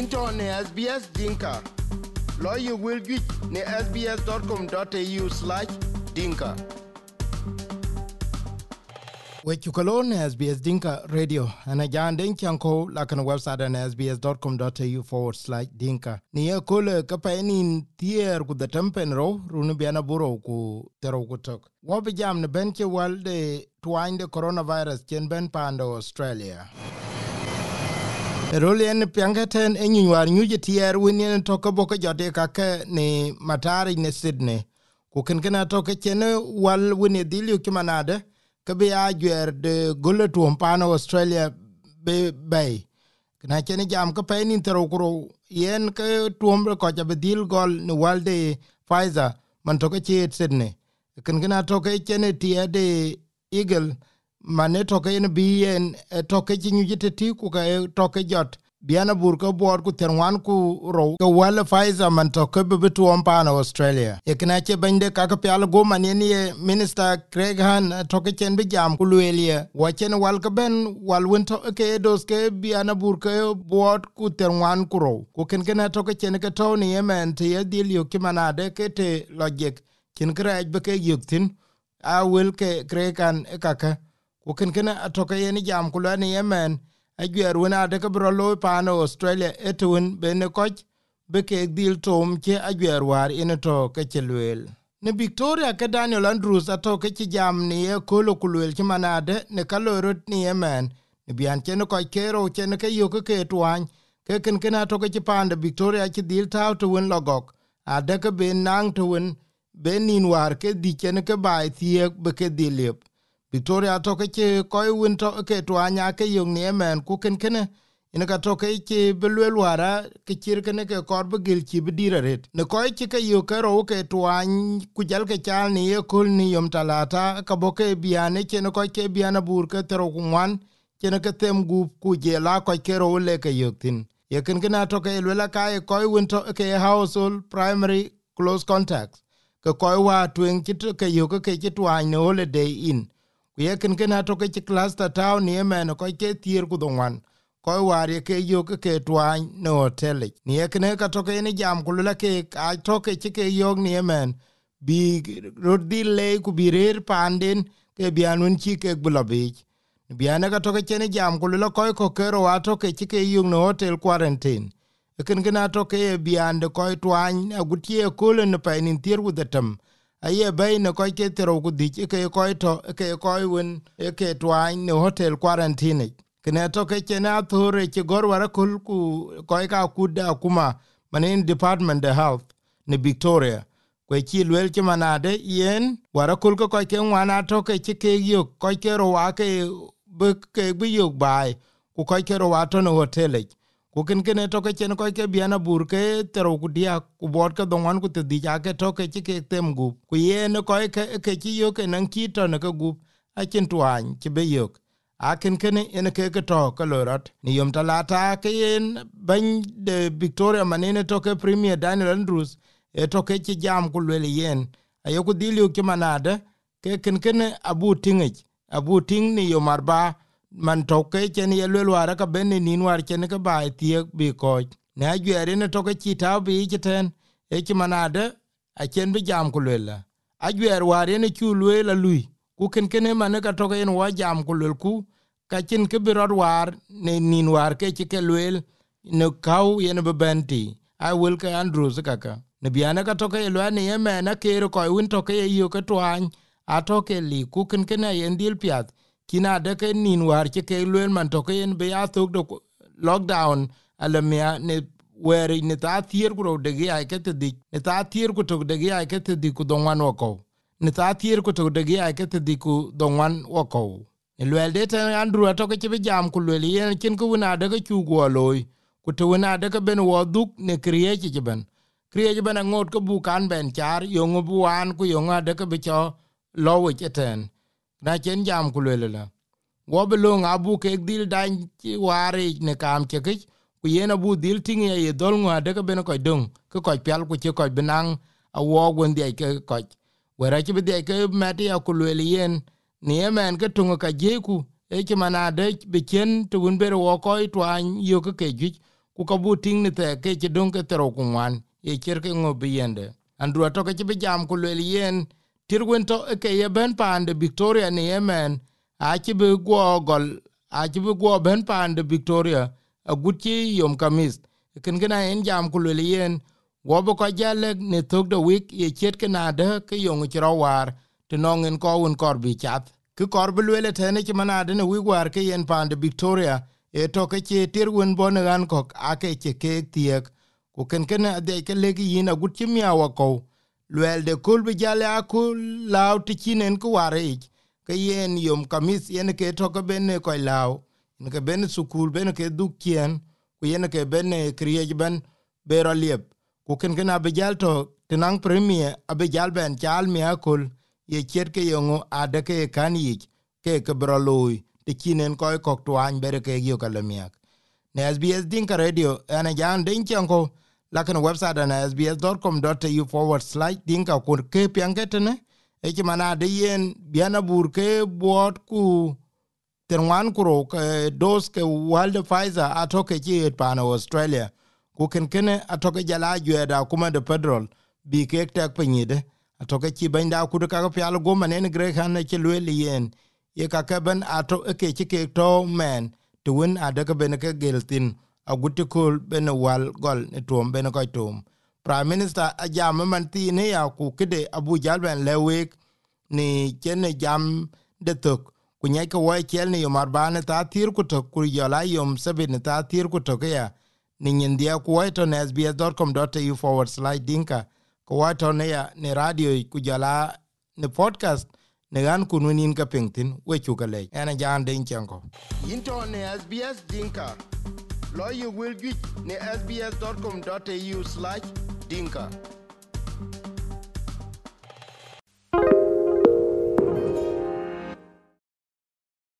into ne SBS Dinka. Lawyer will get ne sbs.com.au slash dinka. we ne SBS Dinka Radio ana janden chanko lakana website ana sbs.com.au forward slash dinka Ne ya kule kapa eni tier ku the tempen ro runu biana buro ku tero ku tok wobi jam ne benche walde twine de coronavirus chen ben pando Australia rol en pianketen e nyin war nyuje tier win yen toke boke jote kake ni matari ne Sydney. Kukin kena toke chene wal win e dhili ukimanade kabi a jwer de gule tuompano Australia be bay. Kena chene jam ke pe ni terokuro yen ke tuombre kocha be dhil gol ni walde Pfizer man toke chiet Sydney. Kin kena toke chene tier de Eagle mane toke in bi en eh, toke ji nyu jete ti ku ka eh, toke jot biana bur ko bor ku terwan ku ro ko wala faiza man toke be be tuom pa na australia e kna che bende ka ka pyal go man ni minister craig han eh, toke chen bi jam ku lelie wa chen wal ka ben wal won to ke dos ke biana bur ko bor ku terwan ku ro ku ken gena toke chen ka to ni yemen te ye dil yo ki manade ke te lojek kin kraj be ke yuktin a wil ke ka ka uken kena atoke yeni jam kulani yemen ajuer wen adeke bro loy paano australia etwen bene koc be kek dhil tom ce ajuer war ene to kece lueel ne victoria ke daniel andrews atoke ci jam ni ye kolo ku lueel ci manade ne ka lorot ni yemen ne bian cene koc kero cene ke yoke ke tuany ke kenken atoke ci pande victoria ci dhil tau tewen logok adeke ben naŋ tewen ben nin war ke dhic cene ke bai thiek be ke dhil liep Victoria toke ci kɔc win to ke tuanya ke yung ni emen kuken kene ina ka toke ci belwe luara ke cir kene ke kɔr korbe gil ci bidira ret. Ne koi ci ke yu ke ro ke tuany kujal ke cal ni ye ni yom talata ka boke biane chene koi ke biana bur ke tero kumwan chene ke tem gup kuje la koi ke ro le ke yuk tin. Ye ken kena toke ilwela kaye koi win to ke household primary close contact Ke kɔc wa tueng ke yu ke ci tuany ne holiday inn. ye ken ken ato ke ti cluster town ye men ko ke tier ku do wan ko war ye ke yo ke ke twa no hotel ni ye ken ka to ke ni jam ku la ke a to ke ti ke yo ni ye men bi rodi le ku bi rer pandin ke bi anun ti ke bulo bi bi ana ka to ke ni jam ku la ko ko ke ro ato ke ti ke yo no hotel quarantine e ken ken ato ke bi ande ko twa ne gutie ko le ne pa ni tier ku da tam aye bay ne koy ke tero ku di ke koy to ke koy wen e ke twain ne hotel quarantine kene to ke chena thore ke gorwara kul ku koy ka kuda kuma manin department of health ne victoria kwe chi lwel ke manade yen wara kul ko koy ke wana to ke ke yo koy ke ro wa ke be ke bi yo bai ku koy ke ro wa to ne hotel kukin kene toke chen koi ke biana bur ke tero kudia kubot ke dongwan kutu te di ja ke to ke ke tem gup. Kuye ne koi ke ke chi yo ke nan ki ne ke gup a chen tuan ti be yo a ken ken ke ke toke lorat ni yom talata ke yen bany de victoria manene toke premier daniel andrews e toke chi jam kulwele yen a yo uke di ke manade ke ken ken abu tingich abu ting ni yom arba man toke chen ye lwe wara ka bende nin war chen ka ba tie bi ko na gyere ne toke chi ta bi chiten e chi manade a chen bi jam ku lwela a gyere ware ne chu lwela lui ku ken ken e mane ka toke en wa jam ku lwel ku ka chen ke bi rod war ne nin war ke chi ke lwel ne kau ye ne bebenti a will ka andrews ka ka ne biana ka toke ye lwa e ne ye mena ke ro ko un toke ye yo ka twan a toke li ku ken ken e ye ndil piat kina de ke nin war ke ke luen man to ke en be ya to lockdown ala me ne wer ni ta tier gro de ge ai ke te di ne ta tier ku to de ge ai ke te di ku don wan wako ne ta tier ku to de ge ai ke te di ku don wan wako ne lwel de te andru to ke ti jam ku lwel ye kin ku na de ke chu go loy ku to na de ke ben wo duk ne kriye ti ben kriye ben ngot ku bu kan ben char yo ngu bu wan ku yo nga ke bi cho lo we ten na chen jam ku lele la wo be long abu ke dil dan ti ware ne kam ke ke ku yena bu dil ting ye ye dol ngwa de ke ben ko dong ke ko pyal ku ke ko benang a wo gon de ke ko wera ti de ke mati a ku yen ni yemen ke tunga ka je ku e ke mana de be chen tu un ber wo ko twan yo ke ke gi ku ka bu ting ne te ke ti dong ke tro ku wan ye ker ke ngo bi yende andru to ke be jam ku lele yen tir wen to ke ye ben pande victoria ni yemen a ci bi go gol a ci bi go ben pande victoria a guti yom kamis ken gena en jam ku wo bo ko jale ne tok do week ye chet ke de ke yong ci ro war to nongen ko un kor bi chat ki kor bi le tene ci mana de ne wi war ke yen pande victoria e to ke ci tir wen bo ne kok a ke ke ke tiek ku ken ken ade ke le gi na guti mi awa ko luel de kul bi jale aku lau ti chinen ku ware ke yen yom kamis yen ke toke bene koi lau yen ke bene sukul bene ke duk ku yen ke bene kriej ben bero liep ku ken ken abijal to tinang premier abijal ben chal mi akul ye chet ke yongo ade ke kan ke ke bro lui ti chinen koi kok tuany bere ke yo kalamiak ne SBS Dinka Radio ene jan denko lakini website na sbs.com.au forward slash dinka kun ke piangetene e ki mana de yen biana bur ke bot ku terwan kuro ke dos ke world Pfizer atoke ki et Australia ku ken kene atoke jala jweda kuma de pedrol bi ke tek pinyide atoke ki benda ku de ka pial go manen gre kan ke lweli yen ye ka keben ato ke ke to men to win adaka beneke geltin a aguti kul bene wal gol ne tuom bene ko tuom prime minister a jam man ti ne ya ku kide abu jalben lewek ni chene jam de tok ku nyai ko wa chel ni mar bane ta tir ku tok ku yo la yom sabe ne ta tir ku tok ya ni nyindia ku wa to na sbs.com.au forward slide dinka ku wa to ne ya ne radio ku jala ne podcast ne gan kunu nin ka pengtin we chu ka le ana jan den chango into ne sbs dinka lo ye wel juic ne sbs.com.au/dinka